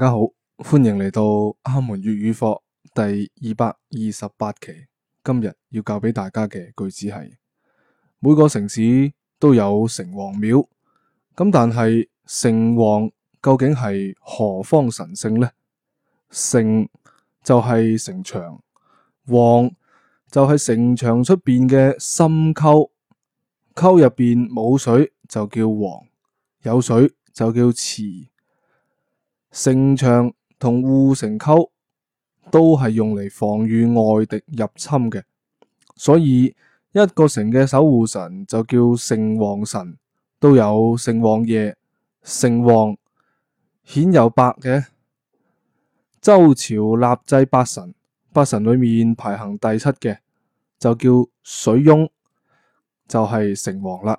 大家好，歡迎嚟到阿門粵語課第二百二十八期。今日要教俾大家嘅句子係：每個城市都有城隍廟，噉但係城隍究竟係何方神聖呢？城就係城牆，隍就係城牆出便嘅深溝，溝入面冇水就叫隍，有水就叫池。城牆同護城溝都係用嚟防禦外敵入侵嘅，所以一個城嘅守護神就叫城隍神，都有城隍爺、城隍，顯佑伯嘅。周朝立制八神，八神裏面排行第七嘅就叫水翁，就係、是、城隍啦。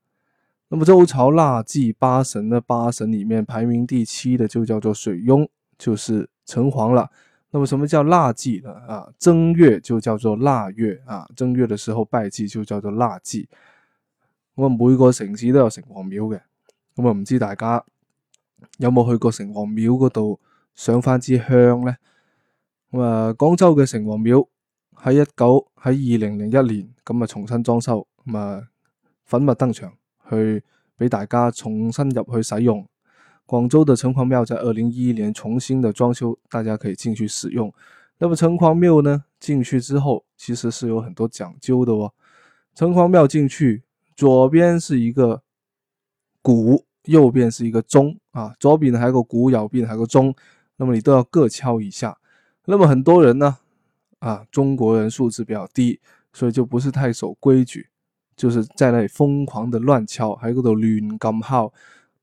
那麼周朝臘祭八神呢，八神裏面排名第七嘅就叫做水庸，就是城隍啦。那麼什麼叫臘祭啊？正月就叫做臘月啊，正月嘅時候拜祭就叫做臘祭。咁啊，每個城市都有城隍廟嘅，咁啊唔知大家有冇去過城隍廟嗰度上返支香呢？咁啊，廣州嘅城隍廟喺一九喺二零零一年咁啊重新裝修，咁啊粉墨登場。去俾大家重新的去使用。廣州的城隍廟在二零一一年重新的裝修，大家可以進去使用。那麼城隍廟呢，進去之後其實是有很多講究的哦。城隍廟進去，左邊是一個鼓，右邊是一個鐘啊。左邊呢還有個鼓，右邊還有個鐘，那麼你都要各敲一下。那麼很多人呢，啊，中國人素質比較低，所以就不是太守規矩。就是在那裏瘋狂的亂敲，喺嗰度亂咁號，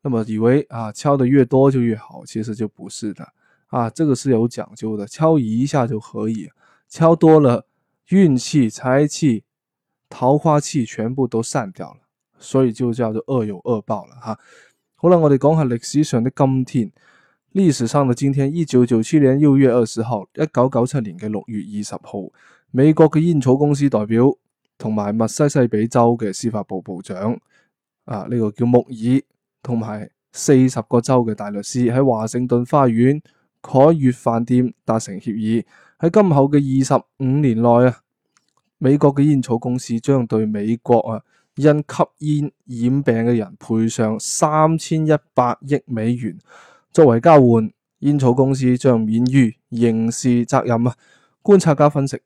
那麼以為啊敲得越多就越好，其實就不是的啊，這個是有講究的，敲一下就可以，敲多了運氣、財氣、桃花氣全部都散掉了，所以就叫做惡有惡報了哈、啊。好啦，我哋講下歷史上的今天，歷史上的今天，一九九七年六月二十號，一九九七年嘅六月二十號，美國嘅煙草公司代表。同埋密西西比州嘅司法部部長啊，呢、這個叫木爾，同埋四十個州嘅大律師喺華盛頓花園凱悅飯店達成協議，喺今後嘅二十五年內啊，美國嘅煙草公司將對美國啊因吸煙染病嘅人賠償三千一百億美元，作為交換，煙草公司將免於刑事責任啊。觀察家分析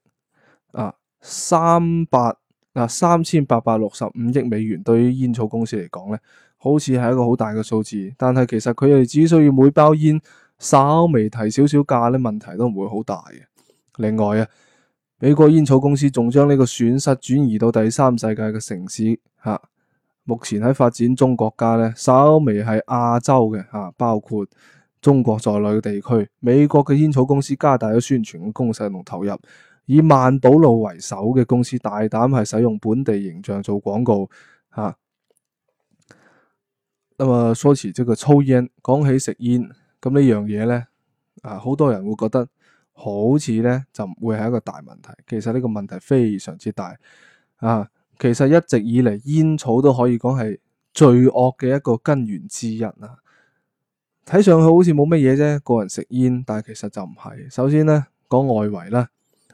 啊，三百。嗱、啊，三千八百六十五億美元對於煙草公司嚟講咧，好似係一個好大嘅數字，但係其實佢哋只需要每包煙稍微提少少價咧，問題都唔會好大嘅。另外啊，美國煙草公司仲將呢個損失轉移到第三世界嘅城市吓、啊，目前喺發展中國家咧，稍微係亞洲嘅吓、啊，包括中國在內嘅地區，美國嘅煙草公司加大咗宣傳嘅攻勢同投入。以萬寶路為首嘅公司大膽係使用本地形象做廣告，吓咁啊。說詞即係粗煙。講起食煙咁呢樣嘢咧，啊，好多人會覺得好似咧就唔會係一個大問題。其實呢個問題非常之大啊。其實一直以嚟煙草都可以講係罪惡嘅一個根源之一啊。睇上去好似冇乜嘢啫，個人食煙，但係其實就唔係。首先咧，講外圍啦。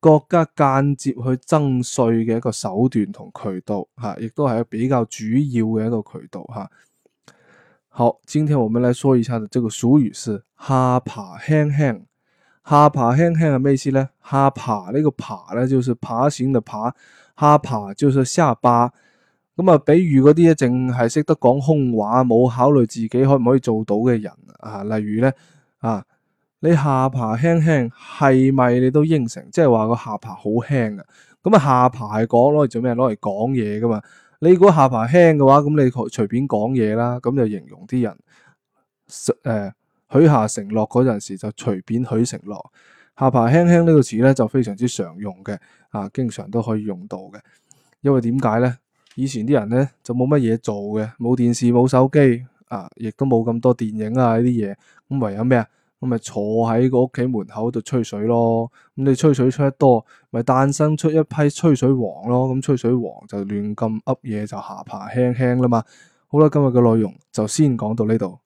國家間接去增稅嘅一個手段同渠道，吓、啊，亦都係比較主要嘅一個渠道，吓、啊。好，今天我們嚟說一下嘅，這個俗語是下爬輕輕，下爬輕輕係咩意思咧？下爬，呢個爬咧，就是爬線嘅爬。下爬就是下巴。咁啊，比如嗰啲咧，淨係識得講空話，冇考慮自己可唔可以做到嘅人啊，例如咧啊。你下巴輕輕係咪？是是你都應承，即係話個下巴好輕啊。咁啊，下巴係講攞嚟做咩？攞嚟講嘢噶嘛。你如果下巴輕嘅話，咁你可隨便講嘢啦。咁就形容啲人誒許、呃、下承諾嗰陣時就隨便許承諾，下巴輕輕個呢個詞咧就非常之常用嘅啊，經常都可以用到嘅。因為點解咧？以前啲人咧就冇乜嘢做嘅，冇電視，冇手機啊，亦都冇咁多電影啊呢啲嘢咁，唯有咩啊？咁咪坐喺個屋企門口度吹水咯，咁你吹水吹得多，咪誕生出一批吹水王咯，咁吹水王就亂咁噏嘢就下爬輕輕啦嘛。好啦，今日嘅內容就先講到呢度。